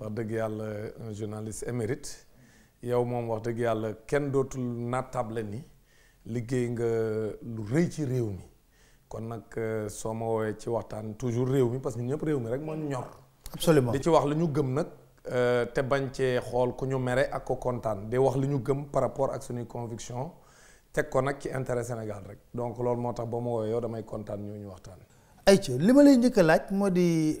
wax dëgg yàlla un journaliste émérite yow moom wax dëgg yàlla kenn dootul nattable ni liggéey nga lu rëy ci réew mi kon nag euh, soo ma woowee ci waxtaan toujours réew mi parce que ñëpp réew mi rek moo ñor. absolument di ci wax lu ñu gëm nag. Euh, te bañ cee xool ku ñu mere ak ko kontaan di wax lu ñu gëm par rapport ak suñuy conviction teg ko nag ci intérêt Sénégal rek donc loolu moo tax ba ma woowee yow damay kontaan ñoo ñu waxtaan. li ma lay njëkk laaj moo di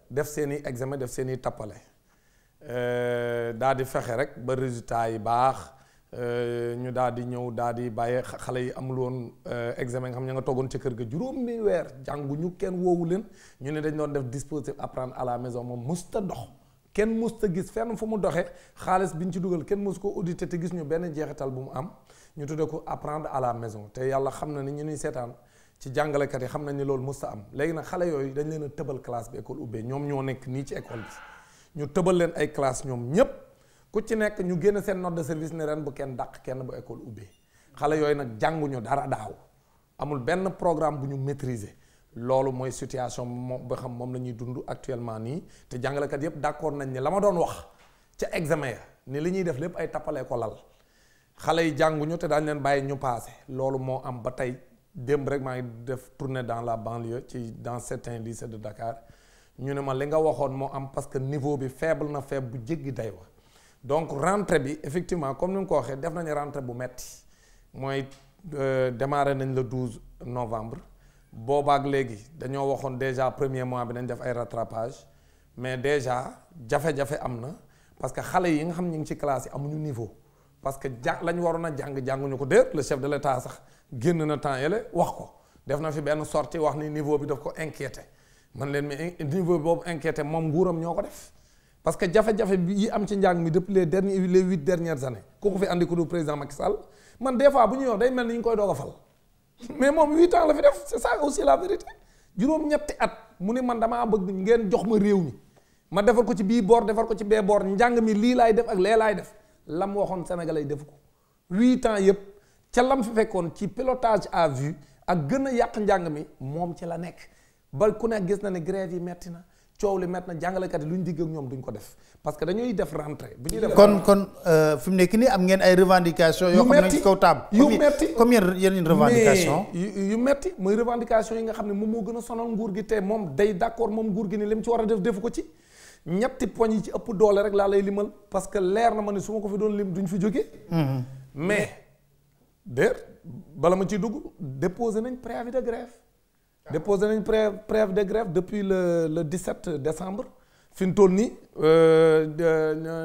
def seen i examen def seen i tappale euh, daa di fexe rek ba résultat yi baax euh, ñu daal di ñëw daal di bàyyi xale yi amul woon euh, examen nga xam ña nga toogoon ci kër gi juróom juróomi weer ñu kenn woowu leen ñu ne dañ doon def dispositif apprendre à la maison moom musta dox kenn musta gis fenn fu mu doxee xaalis bi ñu ci dugal kenn mus ko audité te gis ñu benn jeexital bu mu am ñu tudde ko apprendre à la maison te yàlla xam na ni ñu nuy seetaan ci jàngalekat yi xam nañ ne loolu sa am léegi nag xale yooyu dañ leen a tëbal classe bi école ubbee ñoom ñoo nekk nii ci école bi ñu tëbal leen ay classe ñoom ñépp ku ci nekk ñu génn seen note de service ne ren bu kenn daq kenn bu école ubbee xale yooyu nag jànguñu dara daaw amul benn programme bu ñu maîtriser loolu mooy situation moom xam moom la ñuy dund actuellement nii te jàngalekat yépp d'accord nañ ne la ma doon wax ca examen ya ne li ñuy def lépp ay tappalee ko lal xale yi jànguñu te daañ leen bàyyi ñu paase loolu moo am ba tey démb rek maa def tourner dans la banlieue ci dans certains lycées de Dakar ñu ne ma li nga waxone mo am parce que niveau bi faible na faible bu jéggi day wa donc rentrée bi effectivement comme ni nga ko waxee def nañu rentrée bu metti moy euh, démarrer nañ le 12 novembre ak légui dañoo waxone déjà premier mois bi nañ def ay rattrapage mais déjà jafé jafé amna parce que xalé yi nga xam ñi ci classe yi amuñu niveau parce que lañ warona jang jàng ko le chef de l'État sax génn na temps yële wax ko def na fi benn sortie wax ni niveau bi daf ko inquiété man leen mi niveau boobu inquiété moom nguuram ñoo ko def parce que jafe-jafe bi yi am ci njàng mi depuis les derniers les huit dernières années kooku fi andi ko du président Macky Sall man des fois bu ñu wax day mel ni ñu koy doog a fal mais moom huit ans la fi def c'est ça aussi la vérité juróom-ñetti at mu ni man damaa bëgg ngeen jox ma réew mi ma defar ko ci bii boor defar ko ci bee boor njàng mi lii laay def ak lee laay def lam waxoon Sénégalais def ko huit ans yëpp. ca lam fi fekkoon ci pilotage à vue ak gën a yàq njàng mi moom ci la nekk ba ku ne gis na ne grève yi metti na coow li metti na jàngalekat yi lu ñu digg ak ñoom duñ ko def parce que dañuy def rentrée. bu ñu def kon kon euh, mu nekk nii am ngeen ay revendications. yu metti yoo xam ne ci kaw taab. yu metti comme yenn yu metti mooy revendication yi nga xam ne moom moo gën a sonal nguur gi te moom day d'accord moom nguur gi ni li mu ci war a def defu ko ci. ñetti poñ yi ci ëpp doole rek laa lay limal parce que leer na ma ne su ma ko fi doon lim duñ fi jóge mm-hmm. mais de, bala ma ciy dugg déposé nañ préavis de grève déposé nañ préavis de grève depuis le le 17 décembre fin mu toll nii euh,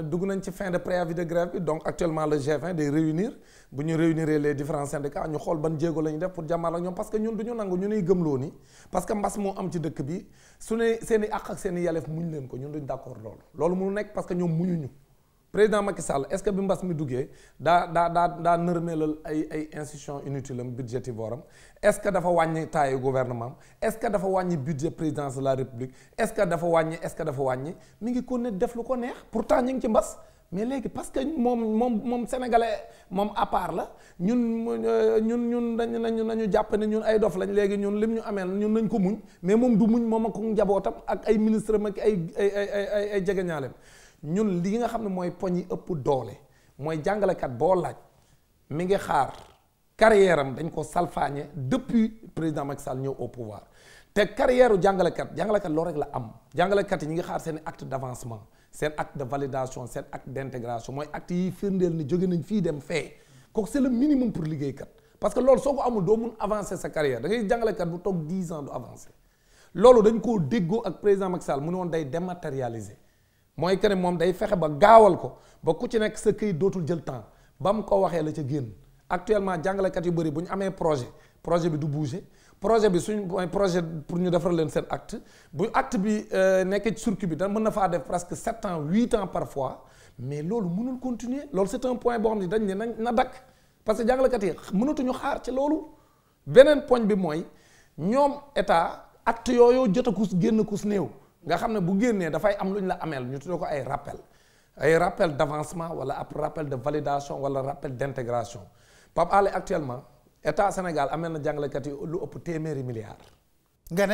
euh, nañ ci fin de préavis de grève donc actuellement le chef 20 day réunir bu ñu réunir les différents syndicats ñu xool ban jéego la def pour jàmmaar ak parce que ñun du ñu nangu ñu nuy ni parce que mbas moo am ci dëkk bi su ne seen i àq ak seen i yelleef muñ leen ko ñun duñ d'accord loolu loolu mënu nekk parce que ñoom muñuñu président Macky Sall est-ce que bimbas mi duggee da da da da nërmeelal ay ay institution inutile am budgétivore est-ce que dafa wagné taayu gouvernement est-ce que dafa wagné budget présidence de la république est-ce que dafa wagné est-ce que dafa wagné mi ngi ko def lu ko neex pourtant ñing ci mbass mais légui parce que mom mom mom sénégalais mom à part la ñun euh, ñun ñun dañu nañu nañu japp ne ñun ay dof lañ légui ñun lim ñu amee ñun nañ ko muñ mais mom du muñ mom ak njabootam ak ay ministre am ak ay ay ay ay ay jegeñaaleem ñun li nga xam ne mooy poñ yi ëpp doole mooy jàngalekat boo laaj mi ngi xaar carrière am dañ ko salfaañe depuis président Macky Sall ñëw au pouvoir te carrière u jàngalekat jàngalekat loolu rek la am jàngalekat yi ñi ngi xaar seen acte d'avancement seen acte de validation seen acte d'intégration mooy acte yi firndeel ni jóge nañ fii dem fee kooku c'est le minimum pour liggéeykat parce que loolu soo ko amul doo mun avancer sa carrière da ngay jàngalekat bu toog 10 ans du avancer loolu dañ koo déggoo ak président Macky Sall mu ne woon day dématérialiser moy kene mom day fexé ba gawal ko ba ku ci nekk sa këyit dotul jël temps bam ko waxé la ci génn actuellement kat yu bari buñ amé projet projet bi du bouger projet bi suñ mooy projet pour ñu defaral leen seen acte bu acte bi euh, nek ci circuit bi da mën na faa def presque 7 ans 8 ans parfois mais loolu mënul continuer loolu c'est un point bo xamni dañ ne na dak parce que kat yi ñu xaar ci loolu benen poñ bi moy ñom état acte yoyo jot a kus génn kus néew nga xam ne bu am rappel ay rappel d'avancement wala de validation wala d'intégration actuellement état Sénégal amel na jàngalekat yi lu milliards. nga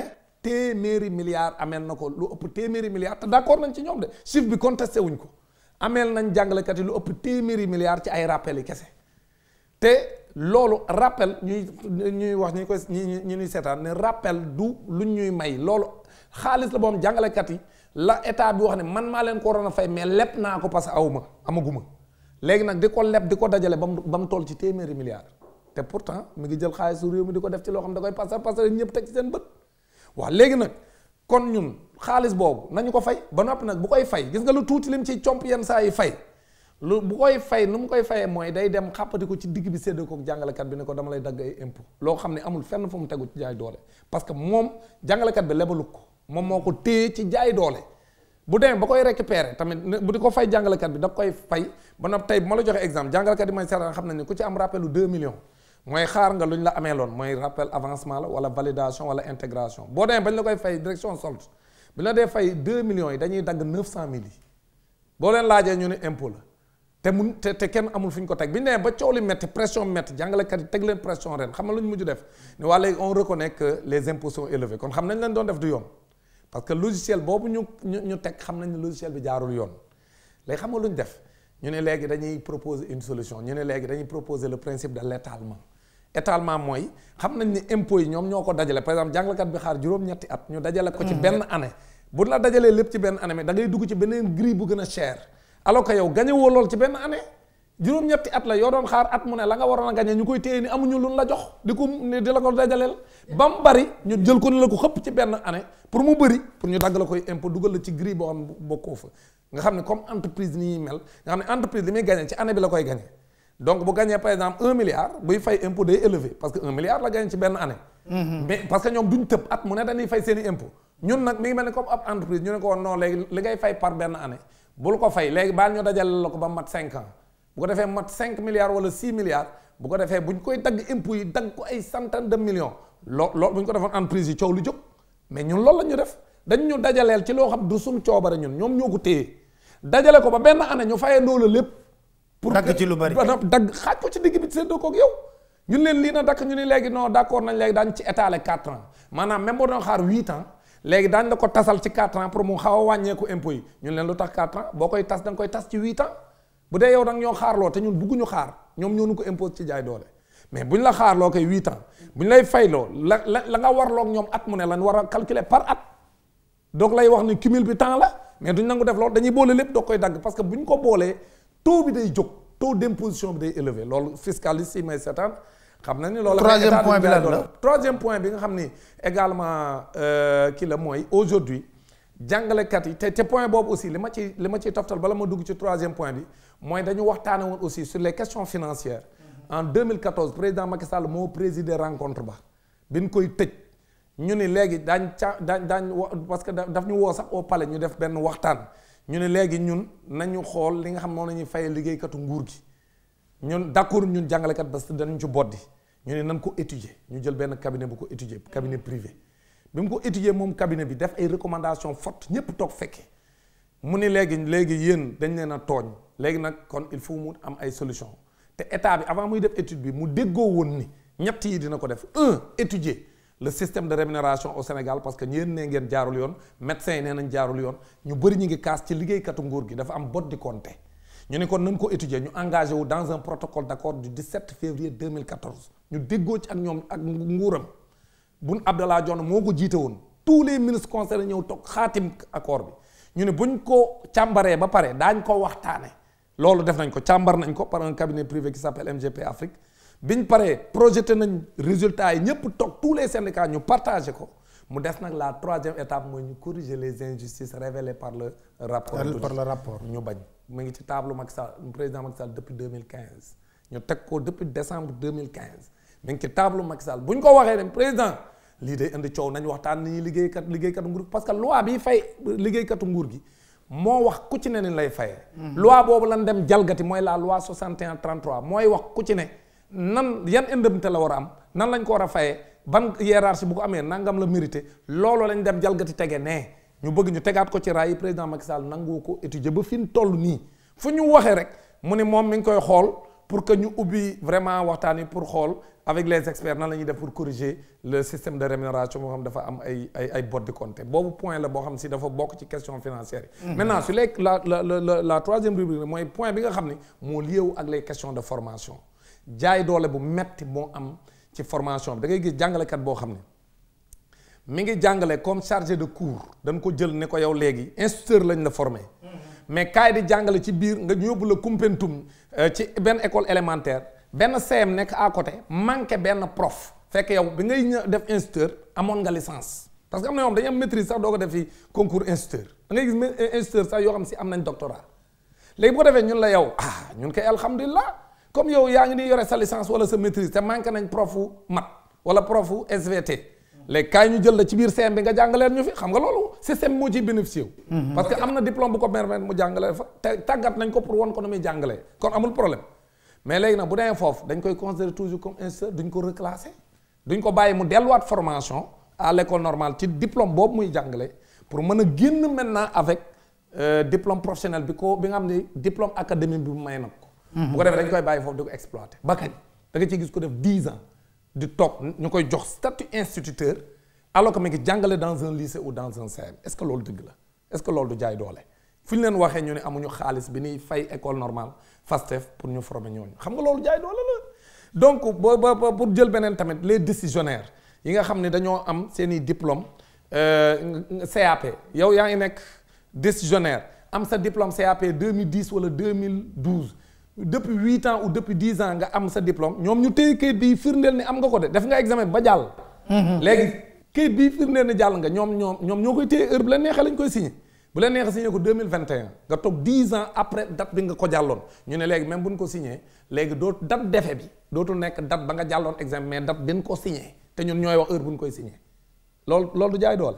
milliards amel na lu ëpp milliards d'accord nañ ci de chiffre bi contesté wuñ ko amel nañ lu milliards ci ay rappels yi rappel ñuy ñuy wax ñi ñi rappel du xaalis la boo jàngalekat yi la état bi wax ne man maa leen ko waroon a fay mais leb naa ko parce que aw ma amaguma léegi nag di ko leb di ko dajale ba mu ba mu toll ci téeméeri milliards te pourtant mu ngi jël xaalisu réew di ko def ci loo xam da koy passer passer ñëpp teg ci seen bët waaw kon ñun xaalis boobu nañu ko fay ba noppi nag bu koy fay gis nga lu tuuti lim ci comp yenn saa yi fay lu bu koy fay nu mu koy fayee mooy day dem xàppati ko ci digg bi séddee ko jàngalekat bi ne ko dama lay dagg ay impôt loo xam ne amul fenn fu mu tegu ci jaay doole parce que moom jàngalekat bi lebalu ko moom moo ko téye ci jaay doole bu demee ba koy récupérer tamit bu di ko fay jàngalekat bi da koy fay ba noppi tey ma la joxe exemple jàngalekat yi may seetaan xam nañ ne ku ci am rappelu 2 millions mooy xaar nga luñ la amee loon mooy rappel avancement la wala validation wala intégration boo demee bañ la koy fay direction solde bi la dee fay 2 millions yi dañuy dagg 900000 yi boo leen laajee ñu ne impôt la te mun te te kenn amul fuñ ko teg bi ñu ba coow li métti pression métti jàngalekat yi teg leen pression ren xam nga lu ñu mujj def ne waa léegi on reconnaît que les impôts sont élevés kon xam nañ leen doon def du yoon. parce que logiciel boobu ñu ñu ñu teg xam nañ ne logiciel bi jaarul yoon léegi xam nga lu def ñu ne léegi dañuy proposer une solution ñu ne léegi dañuy proposer le principe de l' étalement étalement mooy xam nañ ni impôts yi ñoom ñoo ko dajale par exemple jàngalekat bi xaar juróom-ñetti at ñu dajale ko ci mm-hmm. benn année bu la dajalee lépp ci benn année mais dangay ngay dugg ci beneen grille bu gën a cher alors que yow gañewoo lool ci benn année juróom-ñetti at la yoo doon xaar at mu ne la nga waroon a gañe ñu koy téye ni amuñu luñ la jox di ko di la ko dajaleel ba mu bari ñu jël ko ni la ko xëpp ci benn année pour mu bëri pour ñu dagg la koy impôt dugal ci grille boo xam nga xam ne comme entreprise ni ñuy mel ne la koy gañe donc bu gañee par exemple un milliard buy parce que un milliard la gañe ci benn année mhm. mais parce que ñoom duñ tëb at mu ne dañuy fay seen ngi mel ne comme ab entreprise ne ko woon non léegi li ngay fay par benn année bul ko fay léegi baal ñu dajale la ko ba mat cinq ans bu ko defee mat cinq milliards wala 6 milliards bu ko defee bu ñu koy dagg impôts yi dagg ko ay centaine de millions loo loolu bu ñu ko defoon entreprise yi coow lu jóg mais ñun loolu la ñu def dañ ñu dajaleel ci loo xam du suñ coobare ñun ñoom ñoo ko téye dajale ko ba benn année ñu fayee ndóola lépp. pour dagg ci lu bari dagg xaaj ko ci digg bi séddoo koog yow. ñun leen lii na dakk ñu ni léegi non d' accord nañ léegi daañu ci étaler 4 ans maanaam même boo doon xaar 8 ci 4 ans a wàññeeku impôts yi ñun leen lu tax boo koy tas da nga koy tas ci bu dee yow da ñoo xaarloo te ñun bugguñu xaar ñoom ñoo ñu ko impose ci jaay doole mais buñ la xaarloo kay 8 ans buñ lay fayloo la la la nga warloo ak ñoom at mu ne lan war a calculer par at donc lay wax ni cumul bi temps la mais duñ nangu def loolu dañuy boole lépp doo koy dagg parce que buñ ko boolee taux bi day jóg taux d'imposition bi day élevé loolu fiscaliste yi may seetaan xam na ni loolu. troisième point bi lan la troisième point bi nga xam ni également euh, kii la mooy aujourd'hui yi te point aussi Le ci été ma toftal bala ma dugg ci troisième point bi mooy dañu aussi sur les questions financières mm-hmm. en 2014 président Macky Sall moo présidé rencontre ba bin koy tëj ñu ni léegi dañ ca parce que daf ñu woo sax au palais ñu def benn waxtaan ñu ne léegi ñun nañu li nga xam nguur gi ñun d'accord ñun jàngalekat parce que dañu ci boddi ñu ni nañ ko étudier ñu jël benn cabinet bu ko étudier cabinet privé bim ko étudier mom cabinet bi def ay recommandations fortes ñepp tok fekke mu ni légui léegi yéen dañ leena togn légui nak kon il faut mu am ay solution té état bi avant muy def étude bi mu déggoo woon ni ñett yi dina ko def un étudier le système de rémunération au Sénégal parce que ñeen né ngeen jaarul yoon médecin né nañ jaarul yoon ñu bëri ñi ngi kaas ci katu nguur gi dafa am bot di compter ñu ne kon nañ ko étudier ñu engagé wu dans un protocole d'accord du 17 février 2014 ñu déggo ci ak ñom ak nguuram. Boun Abdallah Dionne moko jité won tous les ministres concernés ñëw tok khatim accord bi ñu ne buñ ko chambaré ba paré dañ ko waxtané lolu def nañ ko chambar nañ ko par un cabinet privé qui s'appelle MGP Afrique biñ paré projeté nañ résultats yi ñëpp tous les syndicats ñu partager ko mu def nak la troisième étape moy ñu corriger les injustices révélées par le rapport par le rapport ñu bañ mu ngi ci table Macky Sall président Macky Sall depuis 2015 ñu tek ko depuis décembre 2015 mi ci table Macky Sall bu ko waxé dem président li day andi ciow nañ waxtaan ni liggéey kat liggéey kat nguur parce que loi bi fay liggéey kat nguur gi mo wax ku ci ne ni lay fayee. loi bobu lan dem jalgati moy la loi 6133 moy wax ku ci ne nan yan indemnité la wara am nan lañ ko wara fayé ban hiérarchie bu ko amé nangam la mérité loolu lañ dem jalgati tégué né ñu bëgg ñu tégaat ko ci raay président Macky Sall nangoo ko étudier ba fiñ tollu ni nii fu ñu waxee rek mu ne moom mi ngi koy xool. pour que ñu ubbi vraiment waxtaan pour xool avec les experts nan la def pour corriger le système de rémunération boo xam dafa am ay ay ay bottes de compte boobu point la boo xam si dafa bokk ci question financière mhm. maintenant sur les la la la la troisième rubrique mon point bi nga xam ne moo lié ak les questions de formation jaay doole bu metti moo am ci formation bi da ngay gis jàngalekat boo xam ne mi ngi comme chargé de cours dañ ko jël ne ko yow léegi instituteur lañ la formé. mais kaay di jàngale ci biir nga yóbbu la Koumpentoum euh, ci benn école élémentaire benn CM nekk à côté manqué benn prof fekk yow bi ngay ñëw def instituteur amoon nga licence parce que am na yoo xam dañu am maîtrise sax doo ko def fi concours instituteur da ngay gis euh, instituteur sax yoo xam si am nañ doctorat léegi bu ko defee ñun la yow ah ñun koy alhamdulilah comme yow yaa ngi ni yore sa licence wala sa maîtrise te manqué nañ profu mat wala profu SVT léegi kaay ñu jël la ci biir CM bi nga jàngaleen ñu fi xam nga loolu système moo ciy bénéficié wu mhm. parce que am na diplôme bu ko permettre mu jàngalee fa te tàggat nañ ko pour won ko na muy jàngalee kon amul problème mais léegi nag bu demee foofu dañ koy considérer toujours comme instituteur duñ ko reclasser duñ ko bàyyi mu delluwaat formation à l'école normale ci diplôme boobu muy jàngale pour mën a génn maintenant avec euh, diplôme professionnel bi ko bi nga xam ne diplôme académique bi may na ko mhm. bu ko defee dañ koy bàyyi foofu di ko exploiter ba kañ da nga ciy gis ko def 10 ans di top, nous statut instituteur alors que nous sommes dans un lycée ou dans un CM est-ce que c'est ça? est-ce que c'est ça? Si nous fu ñu leen waxee ñu ne amuñu nous bi fait une école normale FASTEF pour ñu former ñooñu xam nga loolu jaay doole la donc pour jël que les décisionnaires yi nga xam ont dañoo diplôme euh, CAP yow êtes ngi décisionnaire. décisionnaire am un diplôme CAP 2010 ou 2012 depuis 8 ans ou depuis 10 ans nga am sa diplôme ñom ñu téye kayit bi firndeel ni am nga ko de def nga examen ba jàll. Mhm. légui kayit bi firndeel ni jall nga ñom ñom ñom ñokoy koy heure bu la neexee lañ koy signé. bu la neexee signé ko 2021 nga toog 10 ans après date bi nga ko jàlloon ñu ne léegi même buñ ko signé légui do date défé bi dootul nekk date ba nga jàlloon examen mais date bi ko signé te ñun ñoy wax heure buñ koy signé lool lool du jaay doole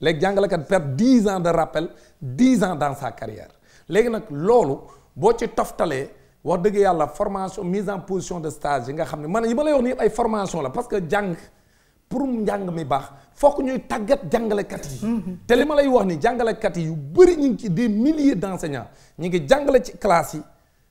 léegi jàngalekat perte 10 ans de rappel 10 ans dans sa carrière légui nak loolu boo ci toftalee wax dëgg yàlla formation mise en position de stage yi nga xam ne man yi ma lay wax ni ay formation la parce que jàng pour njàng mi baax fokk ñuy tàggat jàngalekat yi. Mhm. te li ma lay wax ni jàngalekat yi yu bëri ñu ngi ci des milliers d' enseignants ñu ngi jàngale ci classe yi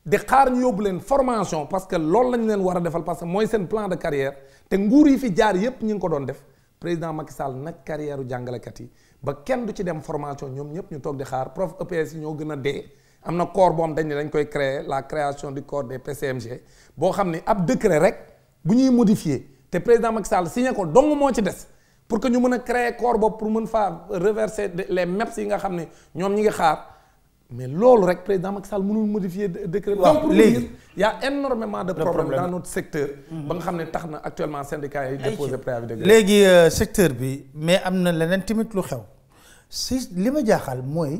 di xaar ñu yóbbu leen formation parce que loolu lañ leen war a defal parce que mooy seen plan de carrière te nguur yi fi jaar yëpp ñu ngi ko doon def président Macky Sall nag carrière jàngalekat yi ba kenn du ci dem formation ñoom ñëpp ñu toog di xaar prof EPS ñoo gën a dee amna corps boo dañ dañ koy créer la création du corps des PCMG bo xam ab décret rek bu ñuy modifier té président Macky Sall signé ko dong mo ci dess pour que ñu mëna créer corps boobu pour mëna faire reverser les MEPS yi nga xam ñom ñi ngi xaar mais loolu rek président Macky Sall mënul modifier décret donc pour dire y a énormément de problèmes dans notre secteur mm-hmm. ba nga xam taxna actuellement syndicats yi déposé préavis de grève légui euh, secteur bi mais amna lenen timit lu xew si li ma jaaxal moy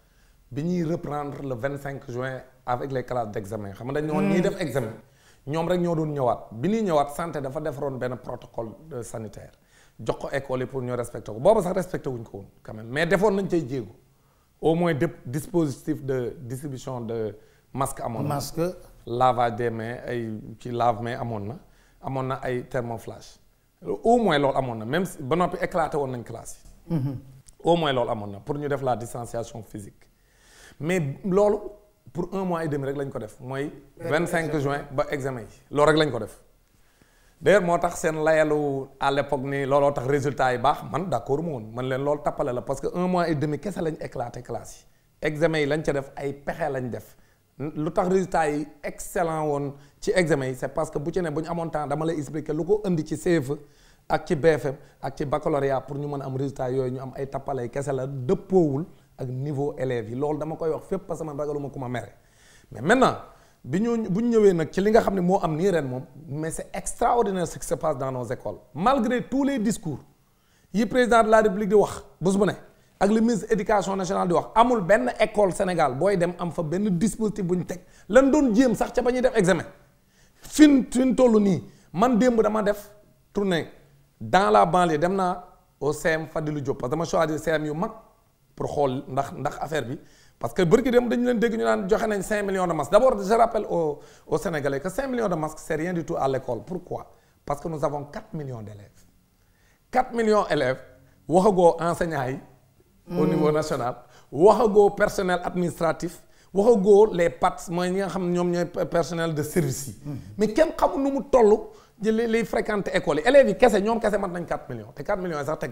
bi reprendre le 25 juin avec les classes d'examen. xam nga dañ ñoon hmm. def examen ñoom rek ñoo doon ñëwaat bi ñuy ñëwaat santé dafa defaroon benn protocole euh, sanitaire jox ko école yi pour ñu respecté ko booba sax respecté wuñ ko woon quand même mais defoon nañ cay jéego au moins de dispositif de distribution de masque amoon masque lavage des mains ay ci lave mains amoon na amoon na ay thermoflash au moins loolu amoon na même ba noppi éclaté woon nañ classe yi hmm. au moins loolu amoon na pour ñu def la distanciation physique mais loolu pour un mois et demi rek lañ ko def mooy. vingt juin ba examen yi loolu rek lañ ko def. d'ailleurs moo tax seen layalu à l'époque ni looloo tax résultat yi baax man d'accord mu woon man leen loolu tappale la parce que un mois et demi kese lañ éclaté classe yi examen yi lañ ca def ay pexe lañ def lu tax résultat yi excellent woon ci examen c'est parce que bu ci ne bu ñu amoon temps dama lay expliquer lu ko indi ci CFE ak ci BFM ak ci baccalauréat pour ñu mën a am résultat yooyu ñu am ay tappale kese la dëppoowul ak niveau élève yi loolu dama koy wax fépp parce que man ragaluma ku ma mère mais maintenant bi ñu bu ñu ñëwee nag ci li nga xam ne moo am nii ren moom mais c'est extraordinaire ce qui se passe dans nos écoles malgré tous les discours yi président de la république di wax bés bu ne ak le ministre éducation nationale di wax amul benn école Sénégal booy dem am fa benn dispositif bu ñu teg lan doon jéem sax ca ba ñuy def examen fin fin toll nii man démb dama def tournée dans la banlieue dem naa au CM Fadilou Diop parce que dama choisir CM yu mag pour xool ndax ndax affaire bi parce que le dem dañu leen ñu 5 millions de masques D'abord, je rappelle aux Sénégalais que 5 millions de masques ce n'est rien du tout à l'école. pourquoi parce que nous avons 4 millions d'élèves. 4 millions élèves waxagoo enseignants au niveau hmm. national. waxagoo personnel administratif. waxagoo les PATS mooy ñi nga xam personnel de service hmm. mais kenn xamul nu mu toll. jëlee les fréquenté école élèves yi kese ñoom kese mat 4 millions te 4 millions yi sax teg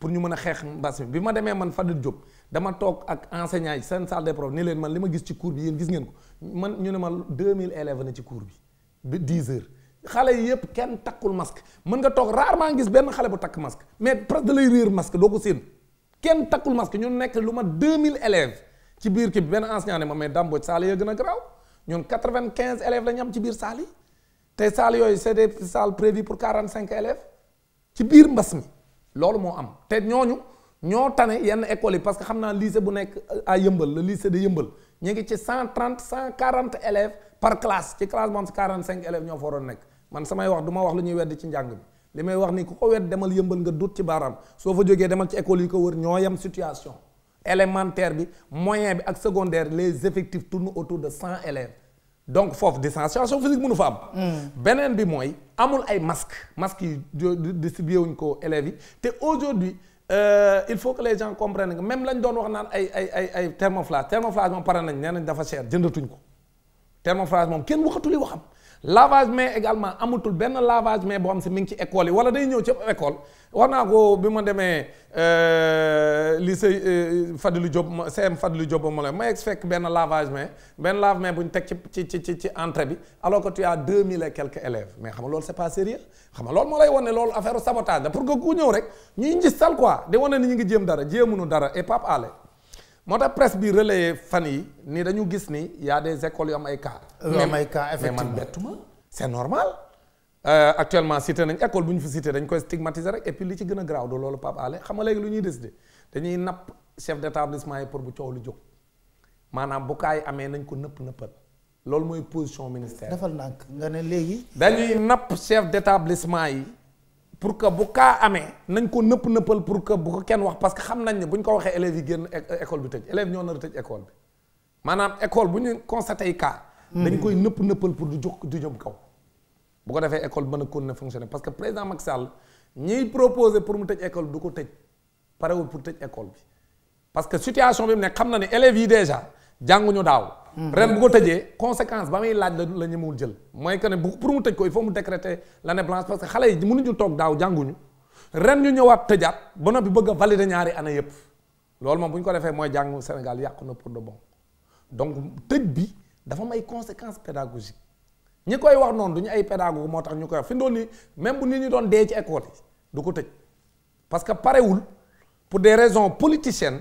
pour ñu mëna xex mbass bi bima démé man Fadil Diop dama tok ak enseignant sen salle des profs ni leen man lima gis ci cours bi yeen gis ngeen ko man ñu ne ma 2000 élèves na ci cours bi bi 10 heures xalé yépp yëpp kenn takkul masque mën nga tok rarement gis ben xalé bu tak masque mais presque de lay rire masque doko seen séen kenn takkul masque ñu nek luma 2000 élèves ci biir ki ben enseignant ne ma mais dambo salle graw ñun 95 élèves la ñam ci biir salle yi te salle yoy c'est des salles prévues pour 45 élèves ci biir mbass lolu mo am te ñooñu ño tane yenn école yi parce que xam naa lycée bu nekk à euh, yëmbal le lycée de yëmbal ñu ngi ci 130 140 élèves par classe ci classe man si quarante élèves ñoo fa nekk man samay wax du wax lu ñuy wedd ci njàng bi li may wax ni ku ko wedd demal yëmbal nga dut ci baaraam soo fa jógee demal ci école yi ko wër ñoo yem situation élémentaire bi moyen bi ak secondaire les effectifs tournent autour de 100 élèves donc foofu distanciation physique mënu fa am. Hmm. beneen bi mooy amul ay masque masque distribué wuñ ko élèves té aujourd'hui euh, il faut que les gens comprennent que même lañ doon wax naan ay ay ay ay thermoflage thermoflage moom pare nañ nañ dafa cher jëndatuñ ko thermoflage mom kenn waxatuli waxam lavage mais également amutul ben lavage mais bo am ci mi ngi ci école yi wala day ñëw ci école wax naa ko bi ma euh, lycée euh, Fadilou Diop CM Fadilou Diop mo lay may fekk ben lavage mais ben lave mais buñ tek ci ci ci ci entrée bi alors que tu as 2000 et quelques élèves mais xam lool c'est pas sérieux xam lool mo lay wan lool affaire sabotage pour que ku ñëw rek ñi ngi sal quoi di wane ni ñi ngi jëm dara jëmunu dara et Pape Alé moo presse bi relayé fan yi ni dañu gis ni y a des écoles yu am ay cas. mais am ay cas effectivement mais c'est normal. Euh, actuellement cité nañ école bu fi cité dañ koy stigmatiser rek et puis li ci gëna graw do de loolu Pape Alé xam nga légui lu ñuy décider dañuy nap chef d'établissement yi pour bu coow lu jox manam bu kaay amé nañ ko nepp nëppal loolu moy position ministère. defal nak nga né légui dañuy nap chef d'établissement yi pour que bu ka amé nañ ko nepp nëppal pour que bu ko kenn wax parce que xam nañ ne buñ ko waxé élève yi gën école bi tëj élève ñoo nar a école bi maanaam école buñu ñu constaté yi kaa. Hmm. dañ koy nepp nëppal pour du jox du jëm kaw bu ko defee école mën a continuer fonctionner parce que président Macky Sall ñiy proposer pour mu tëj école du ko tëj parewul pour tëj école bi parce que situation bi mu ne xam na ne élèves yi déjà jànguñu daaw. Mhm. ren bu ko tëjee conséquence ba muy laaj la la ñemewul jël. mooy que ne bu pour mu tëj ko il faut mu décréter l'année blanche parce que xale yi mënuñu toog daaw jànguñu ren ñu ñëwaat tëjaat ba bi bëgg a valider ñaari année yëpp loolu moom bu ñu ko defee mooy jàngu Sénégal yàqu na pour de bon donc tëj bi dafa may conséquence pédagogique ñi koy wax noonu du ñu ay pédagogue moo tax ñu koy wax fi mu doon même bu nit ñi doon dee ci école yi du ko tëj parce que parewul pour des raisons politiciennes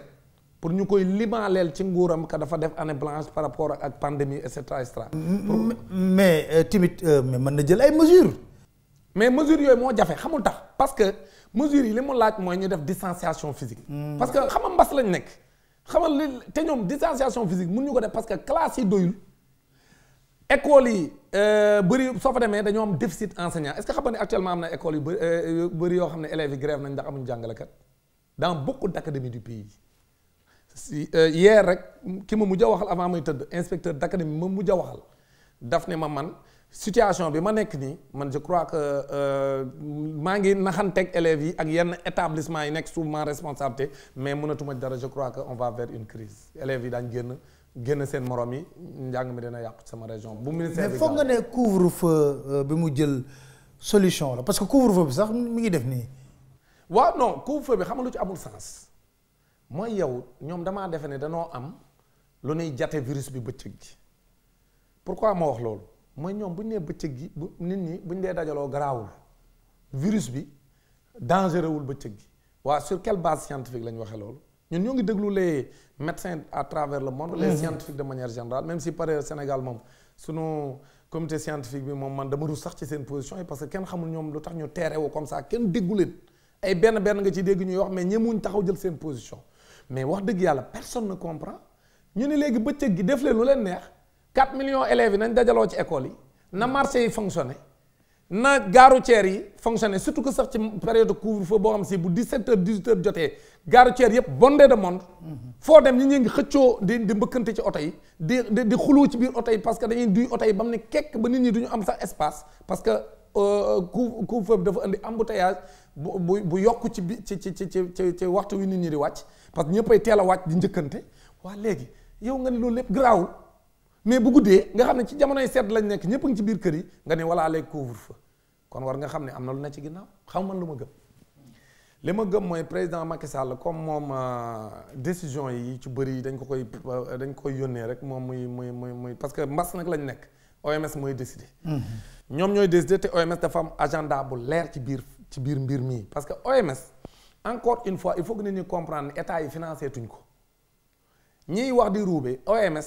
pour ñu koy limaleel ci nguuram ka dafa def année blanche par rapport ak pandémie et cetera et cetera. mais euh, timit euh, mais mën na jël ay mesures. mais mesures yooyu moo jafe xamul tax parce que mesures yi li mu laaj mooy ñu def distanciation physique. Hmm. parce que xam nga mbas lañ nekk. xamal li te ñoom distanciation physique mun ñu ko def parce que classe yi doyul. école yi euh, bëri soo fa demee dañoo am déficit enseignant est-ce que xam nga ne actuellement am na école yu bëri euh, yoo xam ne élèves yi grève nañ ndax amuñu jàngalekat dans beaucoup d'académies du pays si euh, hier rek ki ma mujj a waxal avant may tëdd inspecteur d'académie ma mujj a waxal daf ne ma man situation bi ma nekk nii man je crois que maa ngi naxanteeg élèves yi ak yenn établissement yi nekk sous ma responsabilité mais mënatuma dara je crois que on va vers une crise daañ génn morom yi mi dina sama région bu ministère mais foog nga ne couvre-feu euh, bi mu jël solution la parce que couvre-feu sax mi ngi def nii. waaw non couvre-feu bi xam nga lu ci amul sens mooy yow ñoom dama defe ne danoo am lu virus bi bëccëg pourquoi ma wax loolu mooy ñoom bu ñu bëccëg virus bi dangereux wul sur quelle base scientifique la waxee nous ñoo ngi les médecins à travers le monde. les mhm. scientifiques de manière générale même si par Sénégal moom sunu comité scientifique bi moom man dama rus sax ci seen position parce que kenn xamul ñoom lu tax ñu comme ça kenn déggu leen ay benn benn nga ci dégg ñuy wax mais ñemuñ taxaw jël seen position mais wax personne ne comprend ñu ne léegi bëccëg gi def leen lu leen neex 4 millions élèves yi nañ dajaloo ci école yi na marché yi fonctionné. na gare routière yi fonctionner surtout que sax ci période couvre-feu boo xam si bu 17 heures 18 jotee gare routière yëpp bondé de monde. foo dem ñu ngi xëccoo di di mbëkkante ci oto yi di di xuloo ci biir oto yi parce que dañuy duy oto yi ba kekk ba ñi duñu am sax espace parce que euh, couvre couvre-feu bi dafa indi embouteillage bu bu bu yokk ci bi ci ci ci ci ci waxtu wi nit ñi di wàcc parce que ñëppay teel a wàcc di njëkkante waa léegi yow nga ne loolu lépp garaawul. mais bu nga xamné ci sét lañ nek ngi ci biir kër yi nga wala couvre ne lu président Macky Sall comme euh, décision yi ci bëri dañ ko koy euh, dañ parce que mas nag lañ nekk OMS mooy décidé. Mm-hmm. ñoom ñooy décidé OMS dafa am agenda bu leer ci biir ci parce que OMS encore une fois il faut que nous comprendre état yi financé nous wax di roubé OMS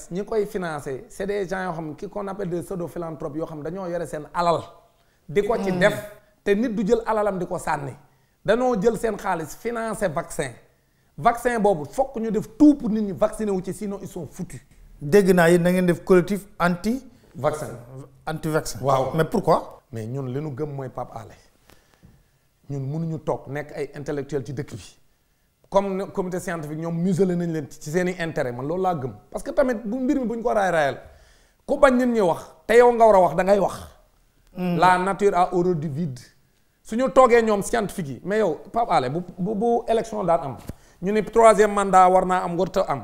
c'est des gens qui xam ki appelle des pseudo philanthropes yo xam alal diko ci def nit du jël alalam jël vaccin vaccin bobu fokk ñu def tout pour nit ñi pour sinon ils sont foutus dégg naa collectif anti vaccin anti vaccin mais pourquoi mais ñun li gëm mooy pap Alé ñun mënuñu ay intellectuel ci dëkk comme comité scientifique ñom muselé nañ leen ci seen intérêt man loolu la gëm parce que tamit bu mbir mi bu ko raay raayal ku bañ nit ñi wax te yow nga war a wax da ngay wax. Mm. la nature a horreur du vide. suñu ñu toogee ñoom scientifique yi mais yow Pape Alé bu bu bu élection daan am ñu ne troisième mandat war naa am warta am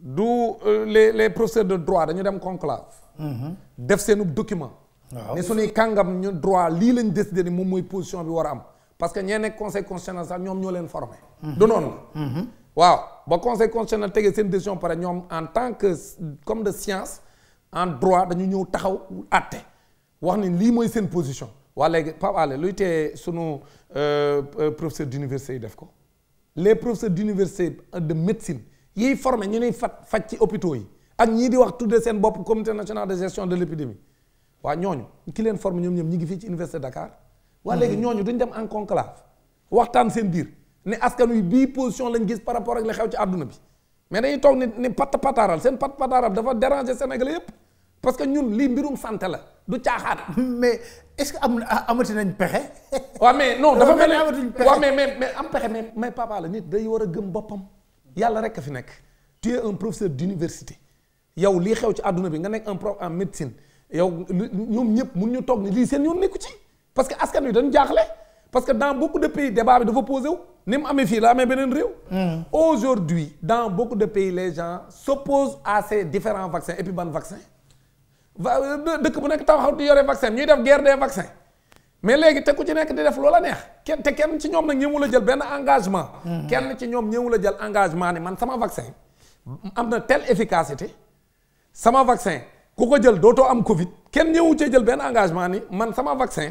du euh, les les professeurs de droit dañu dem conclave. Mm-hmm. def seenu document. mais ne suñuy kàngam ñu droit lii lañ décidé ni moom mooy position bi war a am parce que ñene conseil constitutionnel sax ñoom ñoo leen formé. du noonu la. waaw ba conseil constitutionnel tegee seen décision pare ñom en tant que comme de science en droit dañu ñew taxaw atté wax ni li moy seen position. waa pa wa Alé luy té sunu euh, euh, professeur d'université def ko les professeurs d'université euh, de médecine yi formé ñu nuy fat faj ci hôpitaux yi ak ñi di wax tudde seen bop comité national de gestion de l'épidémie wa ñooñu ki leen formé ñom ñom ñi ngi fi ci université Dakar waa léegi mm-hmm. ñooñu duñ dem en conclave waxtaan seen biir ne askan wi bii position lañ gis par rapport ak li xew ci àdduna bi mais dañuy toog ni ni pat pataaral seen pat pataaral dafa déranger Sénégalais yépp parce que ñun lii mbirum santé la du caaxaan. mais est-ce que am amati nañ pexe. waaw mais non dafa mel ni waaw mais mais mais am pexe mais mais papa la nit day war a gëm boppam. yàlla rek a fi nekk. tu es un professeur d'université yow lii xew ci àdduna bi nga nekk un prof en médecine yow ñoom ñëpp mun ñu toog ni lii seen yoon nekku ci parce que askan wi dañ jaxlé parce que dans beaucoup de pays débat bi dafa posé wu ni mu amee la amee benen réew hmm. aujourd'hui dans beaucoup de pays les gens s'opposent à ces différents vaccins et puis ban vaccin euh, dëkk bu nek taxaw di yore vaccin ñuy def guerre des vaccins mais légui te ku ci nek di def lola neex kenn te kenn ci ñoom nag ñëwul la jël ben engagement hmm. kenn ci ñom ñëwul la jël engagement ni man sama vaccin am na telle efficacité sama vaccin ku ko jël doto am covid kenn ñëwu ci jël ben engagement ni man sama vaccin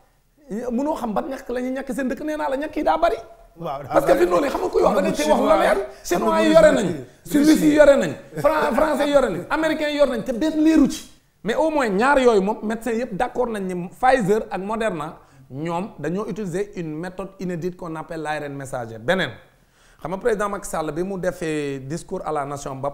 mënoo xam ban la seen la yi parce que fi xam nga chinois français yore américain yore mais au moins ñaar yooyu moom médecin Pfizer et Moderna ñoom dañoo utiliser une méthode inédite qu'on appelle l'ARN messager beneen xam nga président Macky a fait mu discours à la nation ba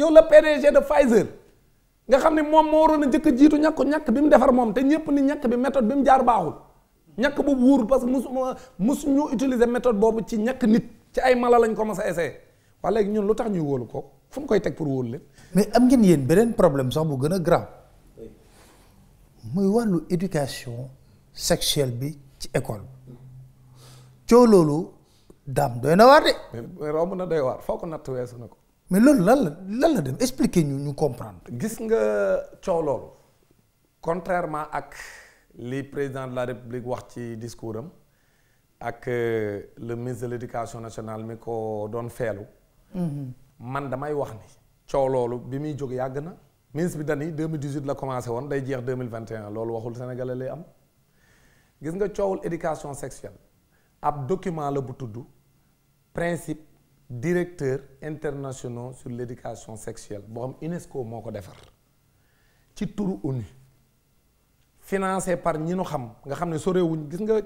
yow la PDG de Pfizer nga xam ne moom moo waroon a njëkk jiitu ñàkk ñàkk bi mu defar moom te ñëpp ni ñàkk bi méthode bi mu jaar baaxul ñàkk boobu wóorul parce que musu musu ñu utiliser méthode boobu ci ñàkk nit ci ay mala lañ ko mos a essayé waaye léegi ñun lu tax ñuy wóolu ko fu mu koy teg pour wóolu leen. mais am ngeen yéen beneen problème sax bu gën a grave muy wàllu éducation sexuelle bi ci école coo loolu daam doy na waar de. mais na doy waar foo ko natt weesu na ko. mais loolu lan la lan la dem expliquer ñu ñu comprendre. gis nga coow loolu contrairement ak li président de la république wax ci discours ak euh, le ministre de l'éducation nationale mi ko doon feelu mm-hmm. man damay wax ni coow loolu bi muy jóg yàgg na. ministre bi dani 2018 la commencé woon day jeex 2021 loolu waxul Sénégalais lay am gis nga coowul éducation sexuelle ab document le bu principe directeurs internationaux sur l'éducation sexuelle bon UNESCO moo ko defar ci turu ONU financé par ñi nu xam nga xam ne soreewuñ gis nga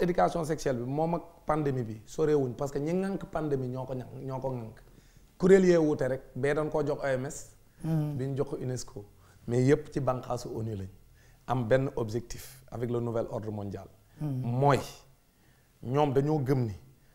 éducation sexuelle bi moom ak pandémie bi soreewuñ parce que ñi pandémie ñoo ko ña ñoo ko ŋànk kuréel yee wuute rek bee doon koo jox OMS hmm. bi ñu jox ko UNESCO mais yépp ci bànqaasu ONU lañ am benn objectif avec le nouvel ordre mondial hmm. Moi, ñoom dañoo gëm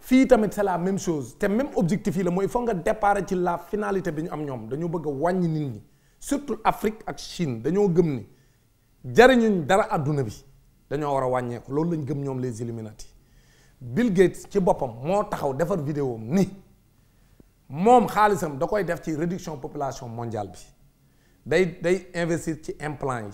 fii tamit c'est la même chose te même objectif yi la mooy foog nga départ ci la finalité bi ñu am ñoom dañoo bëgg a wàññi nit ñi surtout Afrique ak Chine dañoo gëm ni jariñuñ dara àdduna bi dañoo war a loolu lañ gëm ñoom les Illuminati Bill Gates ci boppam moo taxaw defar vidéo am ni Mom xaalisam da koy def ci réduction population mondiale bi day day investir ci implant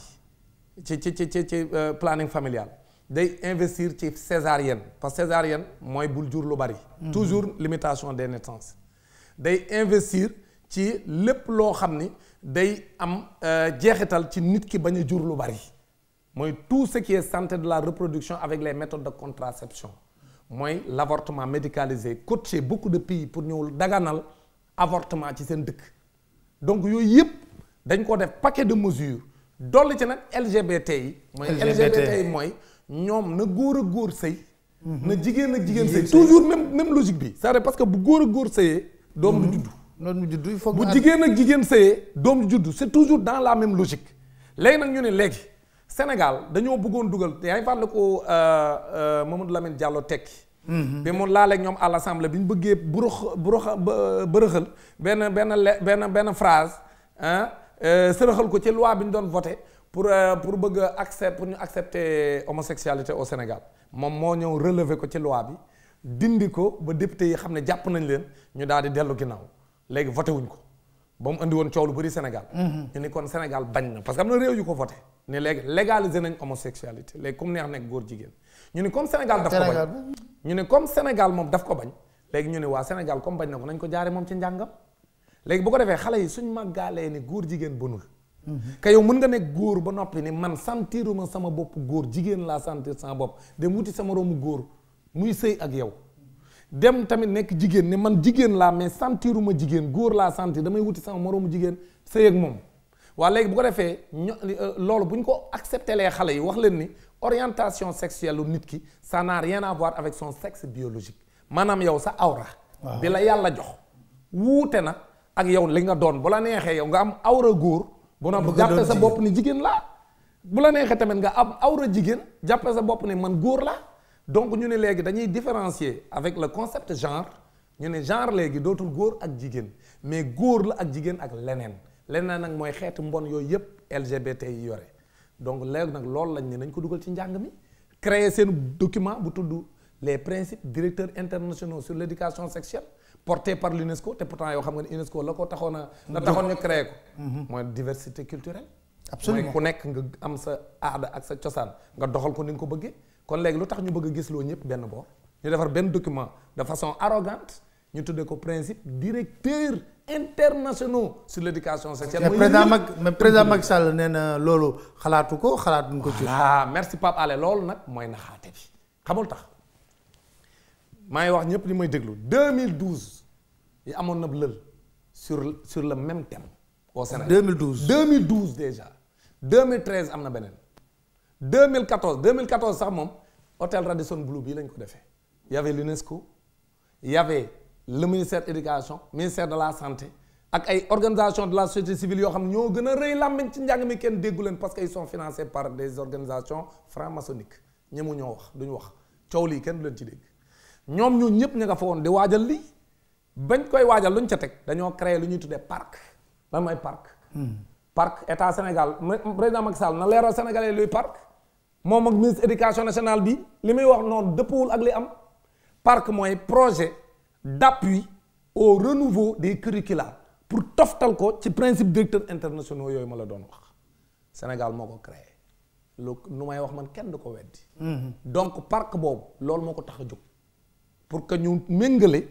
yi ci ci ci ci euh, planning familial day investir ci césarienne parce que césarienne moy bul jour lu bari. Mhm. toujours limitation des naissances. day investir ci lepp lo xamni day am euh, jeexital ci nit ki baña jour tout ce qui est santé de la reproduction avec les méthodes de contraception moy l'avortement médicalisé côté beaucoup de pays pour ñëw daganal avortement ci sen dëkk donc yooyu yëpp dañ ko def paquet de mesures dolli ci nak LGBT yi. LGBT ñoom na góor a góor sëy mhm. na jigéen ak jigéen sëy toujours même même logique bi c'est parce que bu góor a góor sëyee doom du mhm. juddu doom du juddu il faut bu jigéen ak jigéen sëyee doom du juddu c'est toujours dans la même logique léegi nag ñu ne léegi Sénégal dañoo bëggoon dugal yaa ngi fàttali ko euh, euh, Mamadou Lamine Diallo tekki mhm. bi mu laaleeg ñoom à l'assemblée bi ñu bëggee burux burux bërëxal benn benn le benn benn phrase hein, euh, sërëxal ko ci loi bi ñu doon voté pour euh, pour bëgg a pour ñu accepter homosexualité au Sénégal moom moo ñëw relever ko ci loi bi dindi ko ba député yi xam ne jàpp nañ leen ñu daal di dellu ginnaaw léegi voté wuñ ko ba mu andi woon coow lu bari Sénégal. Mhm. ñu ni kon Sénégal bañ na parce que am na réew yu ko voté ne léegi légaliser nañ homosexualité léegi comme neex nekk góor jigéen ñu ni comme Sénégal daf ko bañ ñu ne comme Sénégal moom daf ko bañ léegi ñu ne waa Sénégal comme bañ nañ ko jaare moom ci njàngam léegi ko defee xale yi suñ màggaalee ni góor jigéen bonul ka yow mën nga nekk góor ba noppi ne man sentiruma sama bopp góor jigéen laa sentir sama bopp dem wuti sa moroomu góor muy sëy ak yow dem tamit nekk jigéen ni man jigéen laa mais sentiruma jigéen góor laa sentir damay wuti sama moroomu jigéen sëy ak moom waa léegi bu ko defee euh, loolu bu ñu ko acceptelee xale yi wax leen ni orientation sexuelle nit ki ça n'a rien à voir avec son sexe biologique maanaam yow sa awra bi la yàlla jox wuute na ak yow li nga doon bu la neexee yow nga am awra góor bu noppi jàppe sa bopp ni jigéen la bu la neexee tamit nga am awra jigéen jàppe sa bopp ni man góor la donc ñu ne léegi dañuy différencier avec le concept genre ñu ne genre léegi dootul góor ak jigéen mais góor la ak jigéen ak leneen leneen nag mooy xeetu mbon yooyu yépp LGBT yi yore donc léegi nag loolu lañ ne nañ ko dugal ci njàng mi créer seen document bu tudd les principes directeurs internationaux sur l'éducation sexuelle porté par l'UNESCO et pourtant vous xam nga l'Unesco UNESCO la ko taxoon a. la C'est ñu ko. Mhm. diversité culturelle. absolument mooy ku nekk nga am sa aada ak sa cosaan nga doxal ko ni nga ko bëggee. kon léegi nous voulons ñu bëgg a gis Nous ñëpp faire un ñu document de façon arrogante ñu tuddee ko principe directeur international sur l'éducation sexuelle. Mais président Mag président Macky Sall nee na loolu xalaatu ko xalaatuñ ko ci. ah merci Pape Alé loolu nag mooy Vous bi xamul tax vous dire wax ñëpp que may déglu 2012 yi amoon na sur sur le même thème. au Sénégal 2012 2012 déjà 2013 Amna Benen. 2014 2014 sax moom hôtel Radisson Blu qu'on lañ ko Il y avait l'UNESCO il y avait le ministère de l'éducation ministère de la santé ak ay organisations de la société civile yoo xam ñoo gën a rëy ci njàng mi kenn déggu parce qu'ils sont financés par des organisations franc-maçonniques ñemu ñoo wax pas. wax coow lii kenn du leen ci dégg ñoom ñooñu ñëpp ña nga fa woon di waajal lii bañ koy waajal luñ ca teg dañoo créer lu ñuy tuddee parc lan mooy parc. Hmm. parc état Sénégal président Macky Sall na leeral sénégalais luy parc moom ak ministre éducation nationale bi li muy wax noonu dëppwul ak li am parc mooy projet d'appui au renouveau des curricula pour toftal ko ci principe directeur internationaux yooyu ma la doon wax Sénégal moo ko créé lu nu may wax man kenn du ko weddi hmm. donc parc boobu loolu moo ko tax a jóg pour que ñu méngale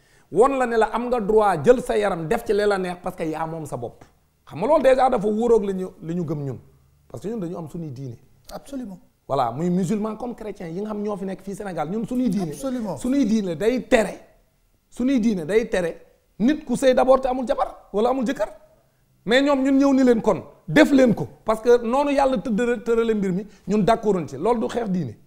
won la ne la am nga droit jël sa yaram def ci lee la neex parce que yaa moom sa bopp xam nga loolu déjà dafa wóoroog li ñu li ñu gëm ñun parce que ñun dañu am suñuy diine. absolument voilà muy musulman comme chrétien yi nga xam ñoo fi nekk fii Sénégal ñun su suñuy diine. su suñuy diine day tere. suñuy diine day tere nit ku sëy d'abord te amul jabar wala amul jëkkër mais ñoom ñun ñëw ni leen kon def leen ko parce que noonu yàlla tëdd tërale mbir mi ñun d'accorduñ ci loolu du xeex diine.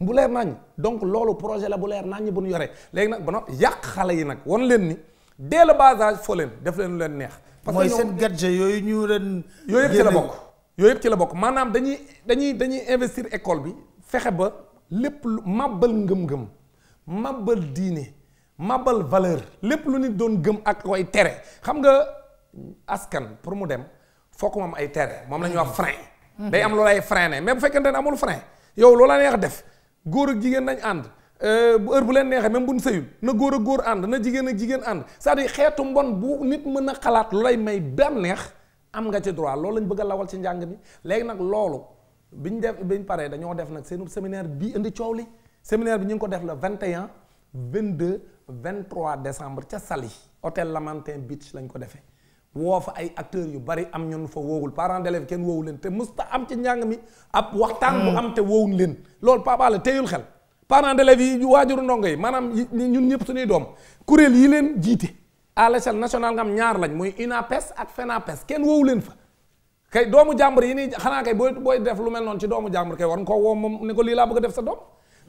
bu leer nañ donc loolu projet la bu leer nañ bu nu yore léegi nag ba no yàq xale yi nag wan leen ni dès la bas foo leen def leen lu leen neex. parce que mooy seen yooyu ñu ren. yooyu yëpp ci bokk yooyu ci la bokk maanaam dañuy dañuy dañuy investir école bi fexe ba lépp lu màbbal ngëm-ngëm màbbal diine màbbal valeur lépp lu nit doon gëm ak koy tere xam nga askan pour mu dem fokk moom ay tere moom la ñuy wax frein. Mm-hmm. day am loolay freiné mais bu fekkente ne amul frein yow loola neex def. góor ak jigéen nañ ànd euh, bu heure bu leen neexee même bu ñu sëyul na góor ak góor ànd na jigéen ak jigéen ànd sari xeetu mbon bu nit mën a xalaat lu lay may bànneex am nga ci droit loolu lañ bëgg a lawal ci njàng mi léegi nag loolu ñu def biñ paree dañoo def nag seenu séminaire bii indi coow li séminaire bi ñu ngi ko def le deux 22 23 décembre ca Saly hôtel Lamantin Beach lañ ko defee. woo fa ay acteurs yu bari am ñun fa woowul parents d'élèves kenn woowu leen te musta am ci njàng mi ab waxtaan bu hmm. am te woowuñ leen loolu papa la téyul xel parents d'élèves yi waajuru ndongo yi maanaam ñun ñëpp suñuy doom kuréel yi leen jiite à l'échelle nationale nga am ñaar lañ muy UNAPES ak FENAPES kenn woowu leen fa kay doomu jàmbur yi nii xanaa kay booy booy def lu mel noonu ci doomu jàmbur kay war nga koo woo moom ne ko lii laa bëgg a def sa doom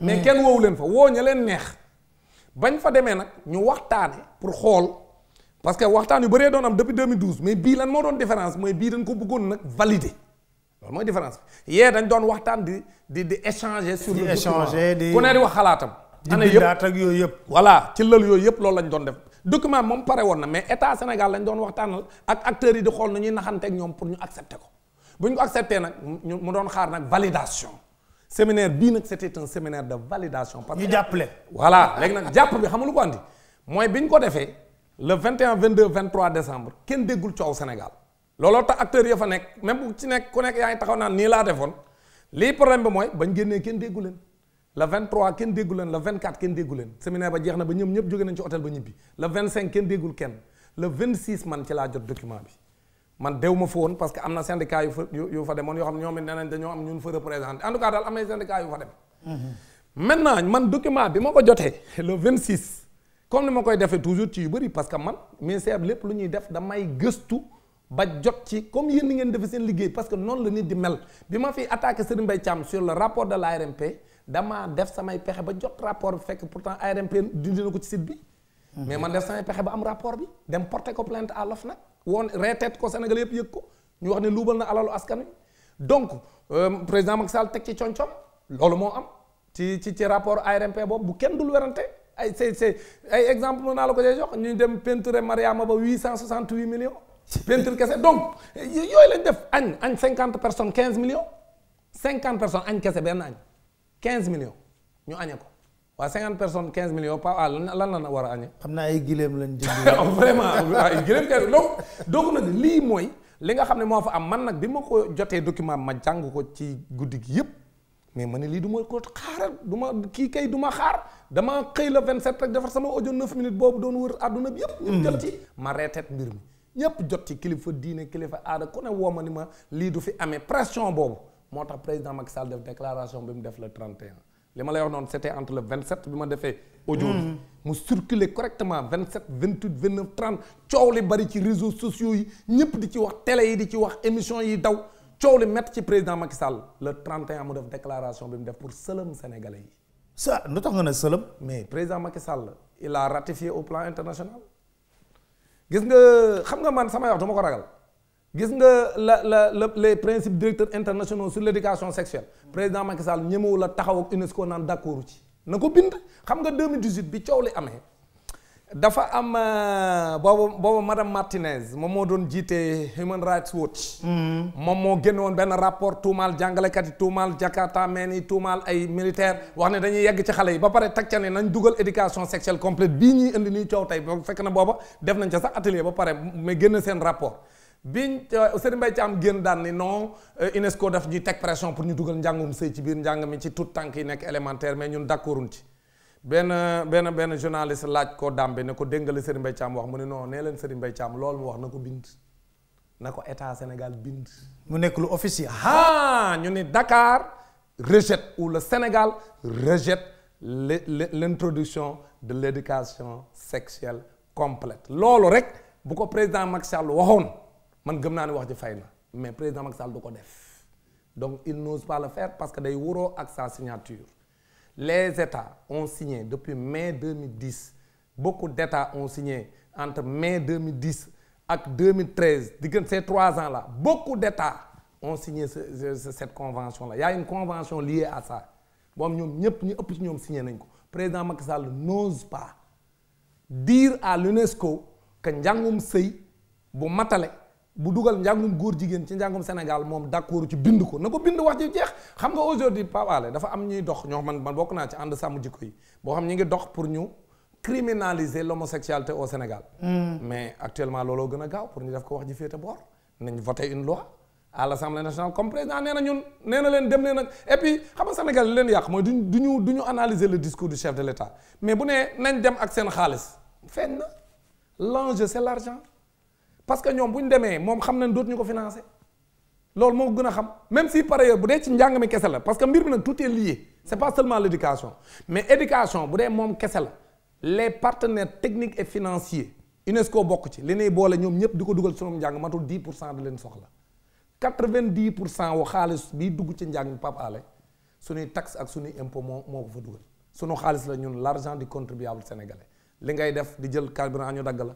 mais hmm. kenn woowu leen fa woo ña leen neex bañ fa demee nag ñu waxtaane pour xool parce que waxtaan yu bëree doon am depuis 2012 mais bii lan moo doon différence mooy bii dañ ko bëggoon nag valider loolu mooy différence bi yee dañ doon waxtaan di di di échanger. sur le document ku ne di wax xalaatam. année yëpp ak yooyu yëpp. voilà ci lël yooyu yëpp loolu lañ doon def document moom pare woon na mais état Sénégal lañ doon waxtaanal ak acteurs yi di xool na ñuy naxanteeg ñoom pour ñu accepter ko bu ñu ko accepter nag ñu mu doon xaar nag validation. séminaire bii nag c'était un séminaire de validation. parce que ñu jàppale. voilà léegi nag jàpp bi xam lu ko andi mooy biñ ko defee le 21 22 23 décembre kenn déggul au Sénégal Lolo, tax acteur, ya fa même bu ci nekk ku nekk yaa ngi taxaw naan nii laa defoon lii problème bi mooy bañ génnee le 23 qui déggu leen le 24 kenn déggu leen séminaire ba jeex ba ñoom ñëpp jóge nañ ci hôtel ba le 25 qui déggul kenn le 26 man ci laa jot document bi man dew ma fa parce que amna syndicat yu fa yu fa demoon yo xam ñoom it nañ dañu am ñun fa représenter. en tout cas dal am syndicat yu fa dem. Mhm. maintenant man document bi mako ko le 26 comme ni ma koy toujours ci yu parce que man ministère bi lépp lu ñuy def damay gëstu ba jot ci comme yéen ni ngeen defee seen liguey parce que non la nit di mel bima fi attaquer Serigne Mbaye sur le rapport de l'ARMP dama def samay pexé ba jot rapport bi fekk pourtant ARMP dindi na ko ci site bi. mais man def samay pexé ba am rapport bi dem porter ko plainte à l'OFNA won woon ko Sénégal yëpp yëg ko ñu wax né loubal na alalu askan donc euh, président Macky Sall tek ci chonchom lolu mo am ci ci ci rapport ARMP bob bu kenn dul werante ay c'est exemple nous la ko jox ñu dem peinture Mariama ba millions. millions peinture donc yoy lañ def personnes 15 millions 50 personnes agne ben agne 15 millions ñu añe ko wa personnes 15 millions par, ah lan la wara xamna ay guilem lañ vraiment ah, ay guilem que donc donc nag lii li nga xamné am man ko document ma jang ko ci que yépp mais mané li ko xaar du que kay du xaar dama xëy la 27 rek defar sama audio 9 minutes boobu doon wër àdduna bi yëpp. ñu hmm. jot ci ma reeteet mbir mi. ñëpp jot ci kilifa diine kilifa aada ku ne woo ni ma lii du fi amee pression boobu moo tax président Macky Sall def déclaration bi mu def le 31. li ma lay wax noonu c'était entre le 27 bi ma defee. audio bi hmm. mu circuler correctement 27 28 29 30 coow li bari ci réseaux sociaux yi ñëpp di ci wax télé yi di ci wax émission yi daw coow li métti ci président Macky Sall le 31 mu def déclaration bi mu def pour sëlëm sénégalais yi. Mais le président Macky Sall il a ratifié au plan international gis nga xam nga man wax les principes directeurs internationaux sur l'éducation sexuelle, le président Macky Sall ñemewu la taxaw ak UNESCO nan d'accord ci nako bind xam nga 2018 dafa am euh, boobu boobu madame Martinez moom moo doon jiite Human Rights Watch. Mm-hmm. moom moo génn woon benn rapport tuumaal jàngalekat yi tuumaal Jakarta meen yi tuumaal ay militaire wax ne dañuy yegg ci xale yi ba pare teg ca ne nañ dugal éducation sexuelle complète bii ñuy indi nii coow tey ba fekk na booba def nañ ca sax atelier ba pare mais génn seen rapport. biñ euh, Serigne Mbaye am génn daan ni non euh, UNESCO daf ñuy teg pression pour ñu dugal njàngum sëy biir njàng mi ci tout tànk yi nekk élémentaire mais ñun d'accorduñ ci. Ben ben ben, journaliste laaj ko dàmbe ne ko déngale Serigne Mbaye Thiam wax mu non nee leen Serigne Mbaye Thiam loolu mu wax nako ko bind na état Sénégal bind. mu nekk lu officiel. ha ñu ni Dakar rejette ou le Sénégal rejette l'introduction de l'éducation sexuelle complète loolu rek bu ko président Macky Sall waxone man gëm naa ne wax ji fayna mais président Macky Sall du ko def donc il n'ose pas le faire parce que day wuro ak sa signature. Les États ont signé depuis mai 2010, beaucoup d'États ont signé entre mai 2010 et 2013, ces trois ans-là, beaucoup d'États ont signé cette convention-là. Il y a une convention liée à ça. nous, avons signé. Le président Macky n'ose pas dire à l'UNESCO que nous avons. signé, bu dugal njàngum góor jigéen ci njàngum Sénégal moom d'accord ci bind ko na ko bind wax ci jeex xam nga aujourd'hui Pape Alé dafa am ñuy dox ñoo man man bokk naa ci ànd sàmm jikko yi boo xam ñi ngi dox pour ñu criminaliser l'homosexualité au Sénégal mm. mais actuellement looloo gën a gaaw pour ñu def ko wax ji féete boor nañ voter une loi à l'Assemblée nationale comme président nee na ñun nee na leen dem leen nag et puis xam nga Sénégal leen yàq mooy duñ duñu du ñu analyser le discours du chef de l'État mais bu nee nañ dem ak seen xaalis feeñ na l'enjeu c'est l'argent parce que ñoom bu ñu demee moom xam nañ dootuñu ko financé loolu moo gën a xam même si par ailleurs bu dee ci njàng mi kese la parce que mbir mi nag tout est lié c'est pas seulement l'éducation mais éducation bu dee moom kese la les partenaires techniques et financiers UNESCO bokk ci li ñuy boole ñoom ñëpp di ko dugal sunum njàng matul 10 pour cent di leen soxla 90 pour cent wa xaalis biy dugg ci njàng mi Pape Alé suñuy taxe ak suñuy impôt moo moo ko fa dugal sunu xaalis la ñun l'argent du contribuable sénégalais li ngay def di jël carburant ñu dagg la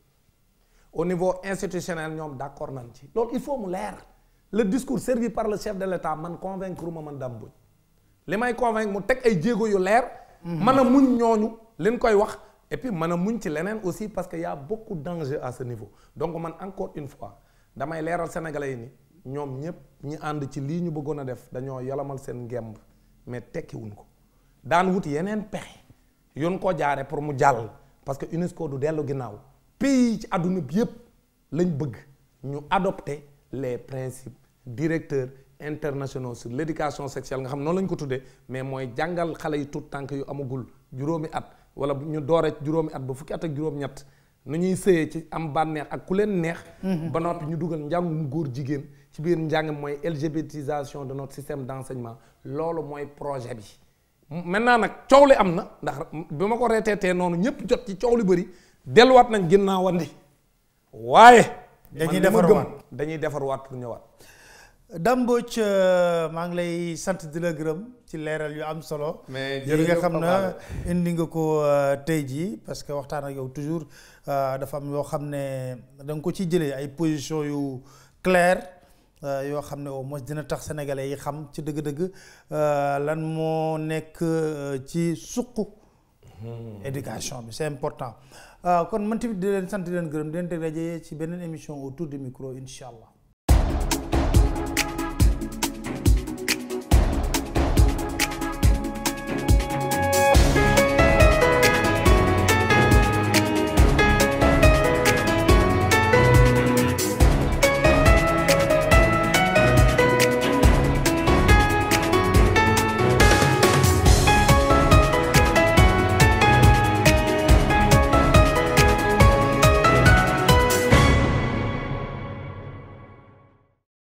au niveau institutionnel ñoom d' accord nañ ci loolu il faut mu leer le discours servi par le chef de l' état man convaincre ma man Dame Mbodj li may convaincre mu teg ay jéego yu leer. Mhm. mën a muñ ñooñu liñ koy wax. et puis mën a muñ ci leneen aussi parce que y' a beaucoup d' enjeux à ce niveau donc man encore une fois damay leeral sénégalais yi ni ñoom ñëpp ñi ànd ci lii ñu bëggoon def dañoo yalamal seen ngemb mais tekkiwuñ ko daan wut yenen pexe yon koo jaare pour mu jàll parce que UNESCO du dellu ginnaaw pays ci adopter les principes directeurs internationaux sur l'éducation sexuelle nga xam noonu lañ ko tuddee mais mooy jàngal xale yi tout tànk yu amagul juróomi at wala ñu at at ak ñuy ci am ak ku leen neex. Mm-hmm. ba noppi ñu ci biir LGBTisation de notre système d'enseignement loolu mooy projet bi. maintenant ndax ko delluwaat nañ ginnaawandi waaye. dañuy defarwaat dañuy defarwaat pour ñëwaat. Dame ci euh, maa ngi lay sant di la gërëm ci leeral yu am solo. mais yi nga xam na indi nga ko euh, tey ji parce que waxtaan ak yow toujours euh, dafa am yoo xam ne da ko ci jëlee ay position yu claire yoo xam ne au moins dina tax sénégalais yi xam ci dëgg-dëgg lan moo nekk ci suq. Hmm. éducation bi c'est important. Euh, kon man tamit di leen sant di leen gërëm di leen teg rajo ci beneen émission autour du micro incha allah.